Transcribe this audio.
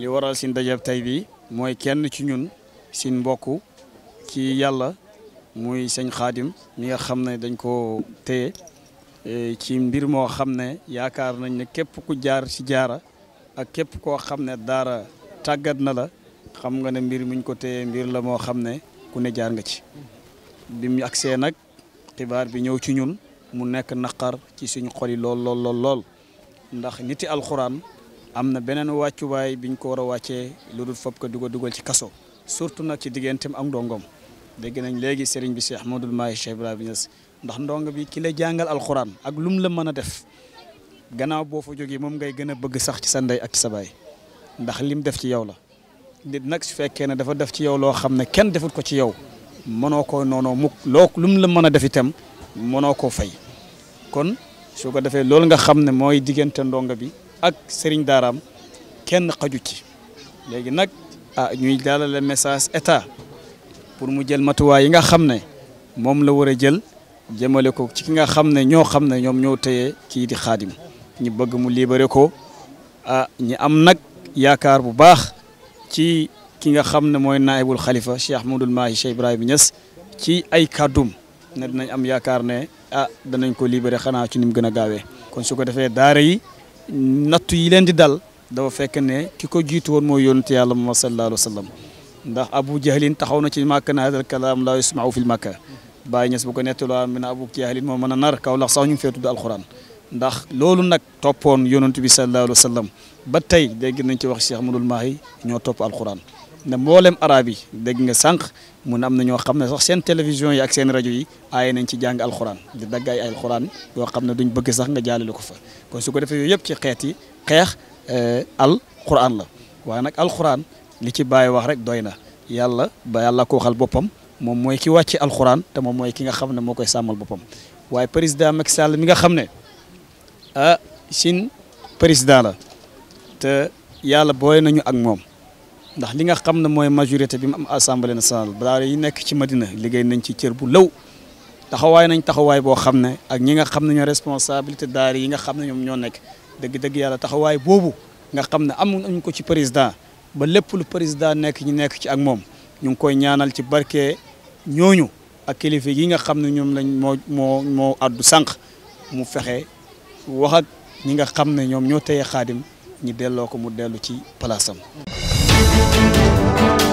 li waral sin dajab tey bi mooy kenn ci ñun sin mbokk ci yàlla muy sëñ xaadim mi nga xam ne dañ ko téye e, ci mbir moo xam ne yaakaar nañ ne képp ku jaar ci jaara ak képp koo xam ne daara tàggat na la xam nga ne mbir muñ ko téye mbir la moo xam ne ku ne jaar nga ci bi mu agsee nag xibaar bi ñëw ci ñun mu nekk naqar ci suñu xol yi lool lool lool lool ndax niti am na beneen wàccuwaay biñ ko war a wàccee lu dul fopp ko dugal dugal ci kaso surtout nag ci digganteem ak ndongoom dégg nañ léegi sëriñ bi Cheikh Ahmadul Mahi Cheikh Ibrahima Niass ndax ndongo bi ki la jàngal alxuraan ak lum la mën a def gannaaw boo fa jógee moom ngay gën a bëgg sax ci sa ndey ak sa baay ndax lim def ci yow la nit nag su fekkee ne dafa def ci yow loo xam ne kenn defut ko ci yow mënoo ko noonu mukk loo lum la mën a def itam mënoo koo fay kon su ko defee loolu nga xam ne mooy diggante ndongo bi. ak sëriñ daaraam kenn xaju ci léegi nag ah ñuy daalale message état pour mu jël matuwaay yi nga xam ne moom la war a jël jëmale ko ci ki nga xam ne ñoo xam ne ñoom ñoo teye kii di xaadim ñu bëgg mu libéré ko a ah, ñi am nag yaakaar bu baax ci ki nga xam ne mooy naayibul xalifa Cheikh Ahmadoul Mahi Cheikh Ibrahima Niass ci ay kàddum ne dinañ am yaakaar ne ah danañ ko libéré xanaa ci ni gën a gaawee kon su ko defee daara yi nattu yi leen di dal dafa fekk ne ki ko jiitu woon mooy yonent yàlla moom sallallahu alayhi wa sallam ndax abu jahlin taxaw na ci màkk na hadal kalaam laa yusmau fil makka bàyyi ñes bu ko nettulaa mi na abu jahlin moo mën a nar kaw lax sax ñu ngi fee tudd alquran ndax loolu nag toppoon yonent bi sallallahu alayhi wa sallam ba tey dégg nañ ci wax Cheikh Amadou Mahi ñoo topp alquran ne mboolem arab yi dégg nga sànq mun am na ñoo xam ne sax seen télévision yi ak seen rajo yi aaye nañ ci jàng alxuraan di dagg ay alxuraan yoo xam ne duñ bëgg sax nga jaalale ko fa kon su ko defee yooyu yëpp ci xeet yi xeex alxuraan la waaye nag alxuraan li ci bàyyi wax rek doy na yàlla ba yàlla ko waxal boppam moom mooy ki wàcce alxuraan te moom mooy ki nga xam ne moo koy sàmmal boppam waaye président Macky Sall mi nga xam ne ah sin président la te yàlla booy nañu ak moom ndax li nga xam ne mooy majorité bi mu am assemblée nationale daara yi nekk ci Madina liggéey nañ ci cër bu law taxawaay nañ taxawaay boo xam ne ak ñi nga xam ne ñoo responsabilité daara yi nga xam ne ñoom ñoo nekk dëgg-dëgg yàlla taxawaay boobu nga xam ne am nañ ko ci président ba lépp lu président nekk ñu nekk ci ak moom ñu ngi koy ñaanal ci barke ñooñu ak kilifa yi nga xam ne ñoom lañ moo moo moo addu sànq mu fexe wax ñi nga xam ne ñoom ñoo téye xaadim ñi delloo ko mu dellu ci palaasam. Música